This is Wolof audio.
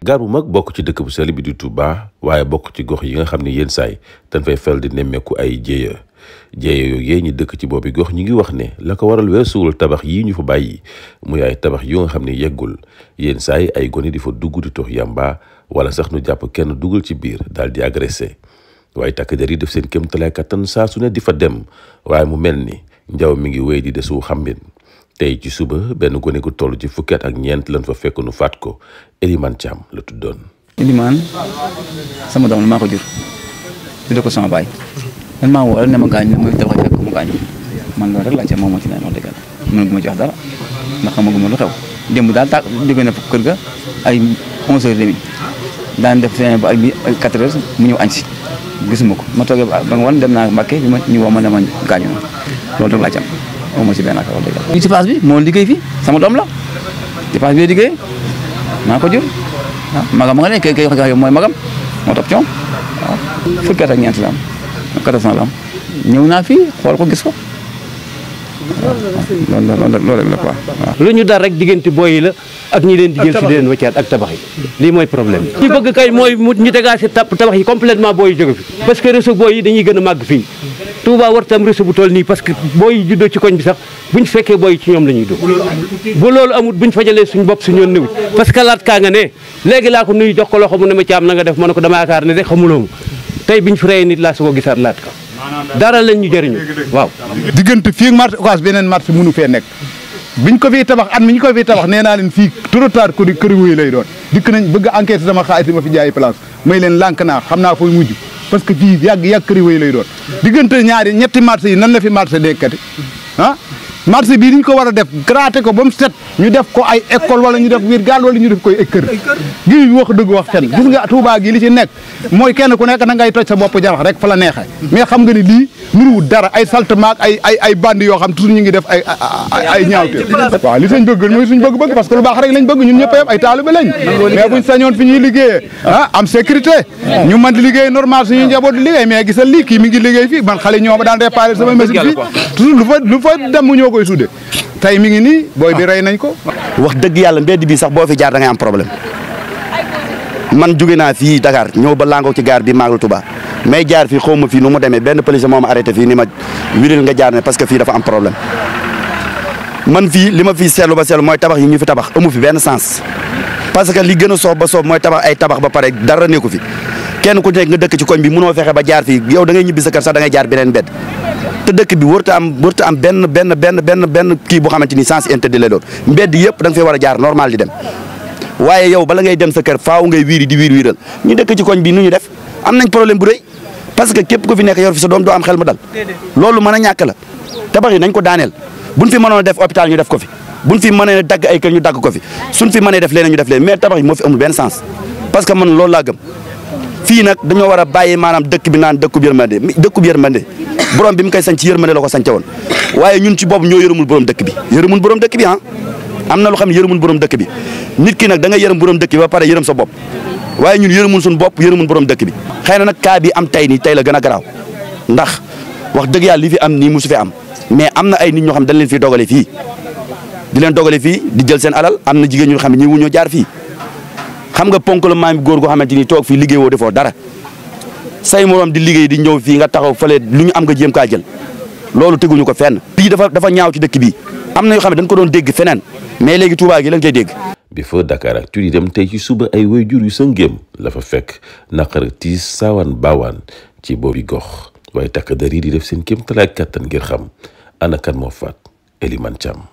gaar bu mag bokk ci dëkk bu sell bi di Touba waaye bokk ci gox yi nga xam ne yenn saay dañ fay fel di nemmeeku ay jéeya jéeya yooyu ñu dëkk ci boobu gox ñu ngi wax ne la ko waral weesuwul tabax yi ñu fa bàyyi muy ay tabax yoo nga xam ne yeggul yenn saay ay gone di fa dugg di tox yambaa wala sax nu jàpp kenn dugal ci biir daal di agressé waaye takk der yi def seen kéem talaay kattan saa su ne di fa dem waaye mu mel ni njaw mi ngi wéy di desu xambin tay ci suba ben goné gu tollu ci fukkat ak ñent lañ fa fekk nu fat ko eliman cham la tuddoon. eliman sama dom la ko jur tuddee ko sama bay man ma wol ne ma gaañ ma dal ko mu gaañ man loolu rek la ci mo ci naan wax dëgg yàlla mënaguma jox dara ndax xamaguma lu xew dem dal tak jóge na kër ga ay 11 h demi dan def fin ba ay 4 h mu ñëw añ gisumako ma toge ba nga wan dem na Mbàkke bi ma ñu wo ma dama gañu lo na loolu rek laa ci amoo ci benn affaire wax dëgg yàlla. ñu ci paas bi moo liggéey fii sama doom la ci paas bi liggéey maa ko jur waaw ah, magam ma nga ne kay kay mooy magam moo topp ci moom waaw. Ah, fukki am 400 am ñëw naa fii xool ko gis ko. Ah, loolu la loolu la quoi waaw. lu ñu dar booy la ak leen di jël si di leen waccaat ak tabax lii mooy problème bi. ñu bëgg kay mooy ñu dégager tabax yi complètement booy yi parce que réseau booy yi dañuy gën a màgg fii. Touba warta am réseau bu toll nii parce que booy juddoo ci koñ bi sax buñ fekkee booy ci ñoom la ñuy dugg bu loolu amul buñ fajalee suñ bopp suñu yoon newut parce que laat kaa nga ne léegi laa ko nuyu jox ko loxo mu ne ma caam na nga def ma ne ko dama yaakaar ne de xamuloo ma tey biñ fi reyee nit laa su ko gisaat laat ka dara lañ ñu jëriñu waaw diggante fii marché Ocass beneen marché mënu fee nekk biñ ko fii tabax at mi ñu ko fii tabax nee naa leen fii trop ko di lay doon dikk nañ bëgg enquête sama xaalis ma fi jaayi place may leen lànk naa xam naa fooy mujj parce que fii yàgg yàgg kër yi lay doon diggante ñaari ñetti marché yi nan la fi marché nekkati ah marché bii niñ ko war a def gratter ko ba mu set ñu def ko ay école wala ñu def wiir gaal wala ñu def koy kër gis nga Touba li ci nekk mooy kenn ku nekk na ngay toj sa bopp jarax rek fa la neexee mais xam nga ni lii nuruwul dara ay saltemaak ay ay ay yoo xam toujours ñu ngi def ay ay ñaawte waaw li sëñ bëgg mooy suñ bëgg-bëgg parce que lu baax rek lañ bëgg ñun ñëpp yam fi ñuy liggéeyee ah, am sécurité ñu mën liggéey normal suñu njaboot di liggéey mais gisal lii kii mi ngi ñoo koy suude tey mi ngi nii booy bi rey nañ ko. wax dëgg yàlla mbedd bi sax boo fi jaar da am problème man jóge naa fii Dakar ñëw ba laangoo ci gaar bi Magal tuba mais jaar fii xaw ma fii nu mu demee benn police moom ma arrêté fii ni ma wiril nga jaar ne parce que fii dafa am problème man fii li ma fii seetlu ba seetlu mooy tabax yi ñu fi tabax amu fi benn sens parce que li gën a soob ba soob mooy tabax ay tabax ba pare dara nekku fi. kenn ku nek nga dëkk ci koñ bi mëno fexé ba jaar fi yow da ngay ñibbi sa kër sax da ngay jaar benen bedd te dëkk bi wërta am wërta am benn benn benn benn benn ki xamanteni interdit lay mbedd yëpp da nga fay wara jaar normal di dem waye yow bala ngay dem sa kër faaw ngay wiri di wir wiral ñu dëkk ci koñ bi nu ñu def am nañ problème bu reuy parce que képp ku fi nek yor fi sa doom do am xel mu dal loolu mëna ñak la tabax bari nañ ko daanel buñ fi mënoon def hôpital ñu def ko fi buñ fi mënee dag ay kër ñu dag ko fi suñ fi mënee def leen ñu def leen mais tabax mo fi amul ben sens parce que man loolu la gëm fii nag dañoo war a bàyyi maanaam dëkk bi naan dëkkub yërmande dëkkub yërmande borom bi mu koy sanc yërmande la ko sanc woon waaye ñun ci bopp ñoo yërëmul borom dëkk bi yërëmul borom dëkk bi ah am na loo xam ne yërëmul borom dëkk bi nit ki nag da nga yërëm borom dëkk bi ba pare yërëm sa bopp waaye ñun yërëmul suñu bopp yërëmul borom dëkk bi xëy na nag cas bi am tey nii tey la gën a garaaw ndax wax dëgg yàlla li fi am nii musu fi am mais am na ay nit ñoo xam dañ leen fi dogale fii di leen dogale fii di jël seen alal am na jigéen ñoo xam ne ñi wuñoo jaar fii am nga ponk la maam góor goo xamante ni toog fii liggéey woo defoo dara say moroom di liggéey di ñëw fii nga taxaw fale lu ñu am nga jéem kaa jël loolu teguñu ko fenn. lii dafa dafa ñaaw ci dëkk bi am na yoo xam ne dañ ko doon dégg feneen mais léegi Touba gi lañ koy dégg. bi fa Dakar ak tur dem tey ci suba ay waajur yu sëngéem la fa fekk naqar tiis saawaan baawaan ci boobu gox waaye takk der yi di def seen kéemtalaay kàttan ngir xam ana kan moo fa Elimane